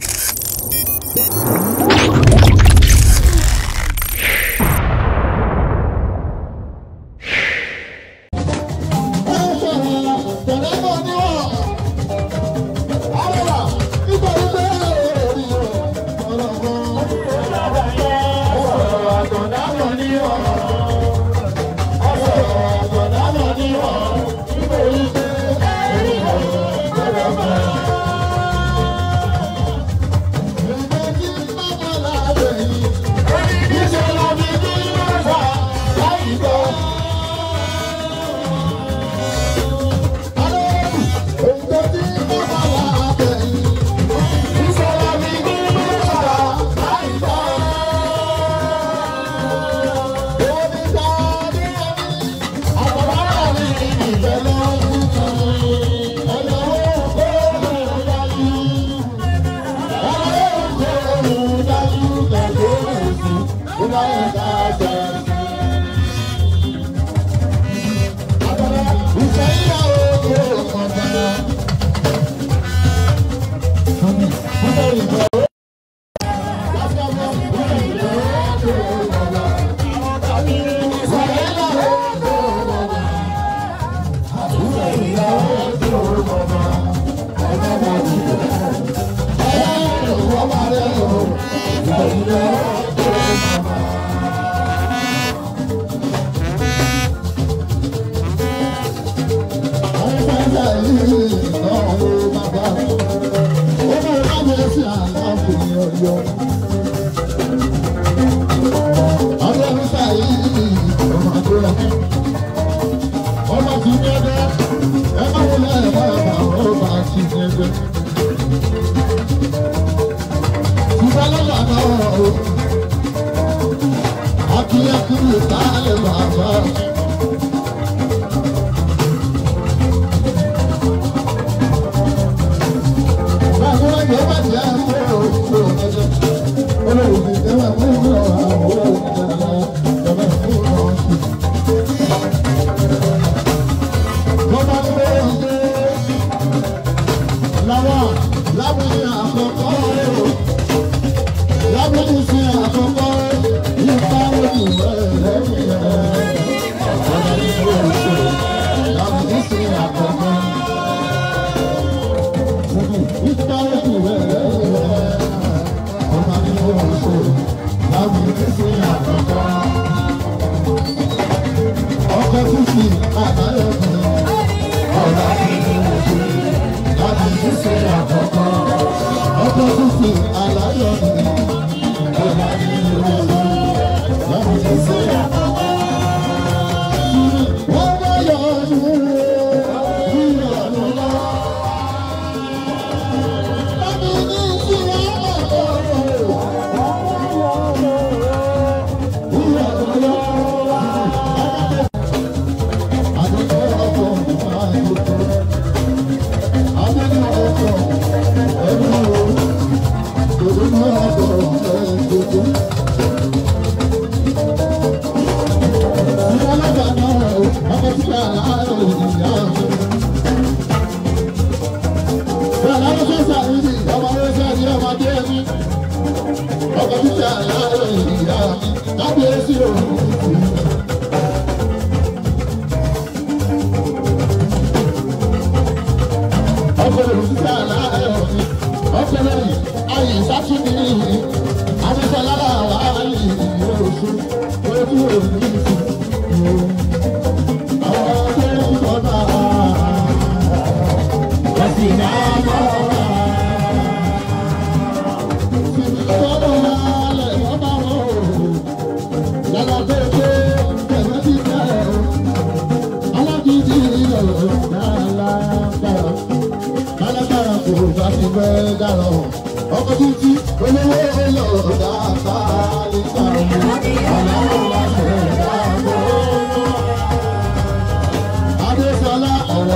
you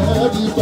Maria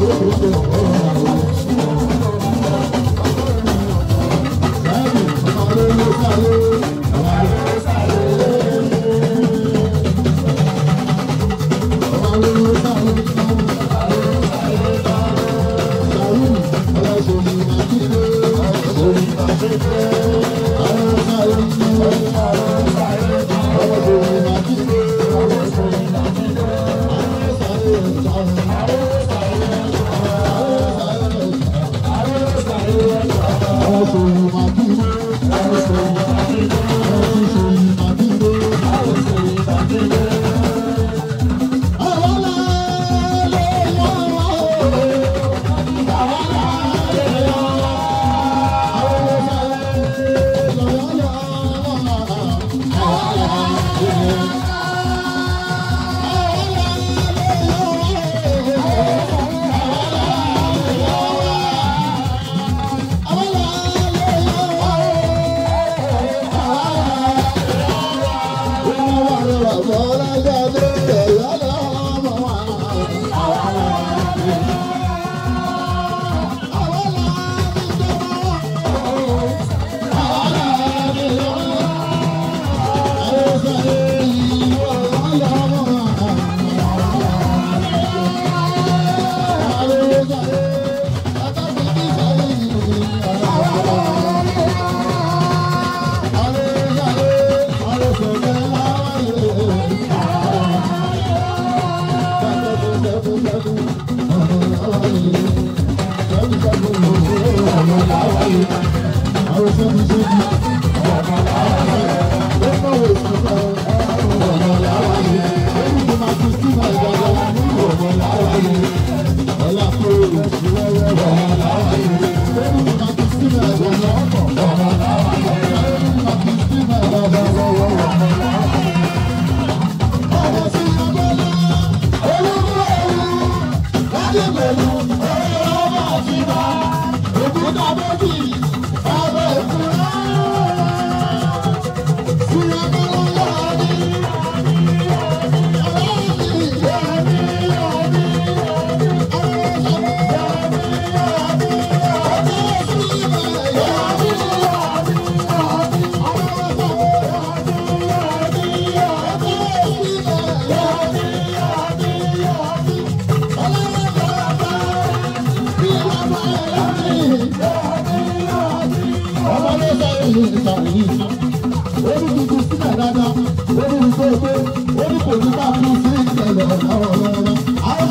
Thank you.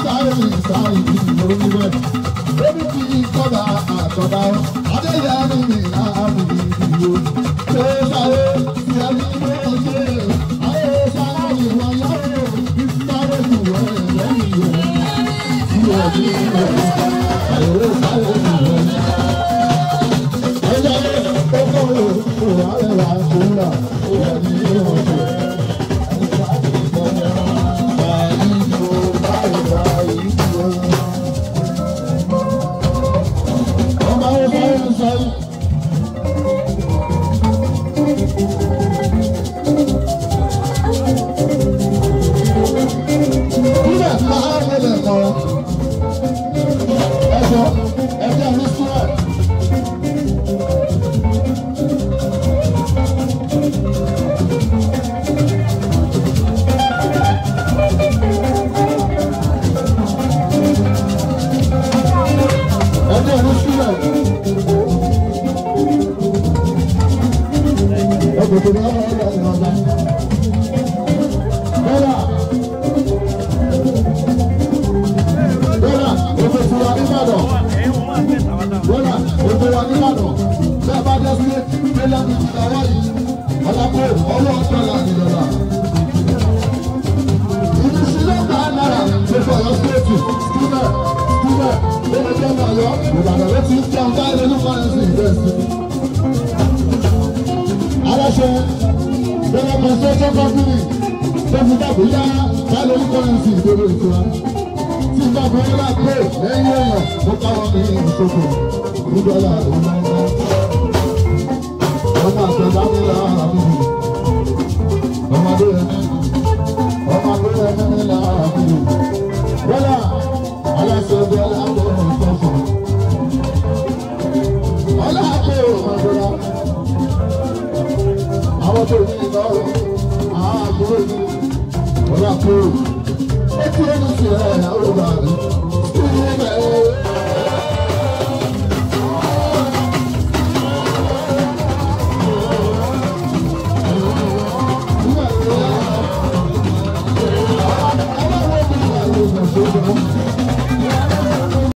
sáré sáré ìdìbò níbẹ̀. Ebi ti ìkọ́dà àtọ̀dá Adéyẹ ní mi láàbù ìdìbò. Ṣé sáré ti ẹni gbé ṣe ayé sáré ìwà yàrá ìsáré ìwà ẹ̀rọ ìyọ̀. Ìyọ̀ ní ìwọ̀ àyẹ̀wò sáré ìwọ̀. Ẹ̀jẹ̀ ní kókó ìwà ẹ̀rọ àkúrà ìwà ní ìwọ̀. ti dàgbé yá bá lórí kọ́rẹ́ǹsì ìgboro ìtura. Tí n bá fún yín rà pé lẹ́yìn èèyàn mo káwọn ní ìṣòfò ní dọ́là ló máa ń bá. Ọmọ àtọ̀dá mi là á mú mi. Ọmọdé ẹni ọmọdé ẹni mi là á mú mi. Bọ́lá aláṣẹ bọ́lá tó ń sọ̀fọ̀. Ọlá ọmọdé wa. Àwọn tó ní ìlọrin kú ó kú ó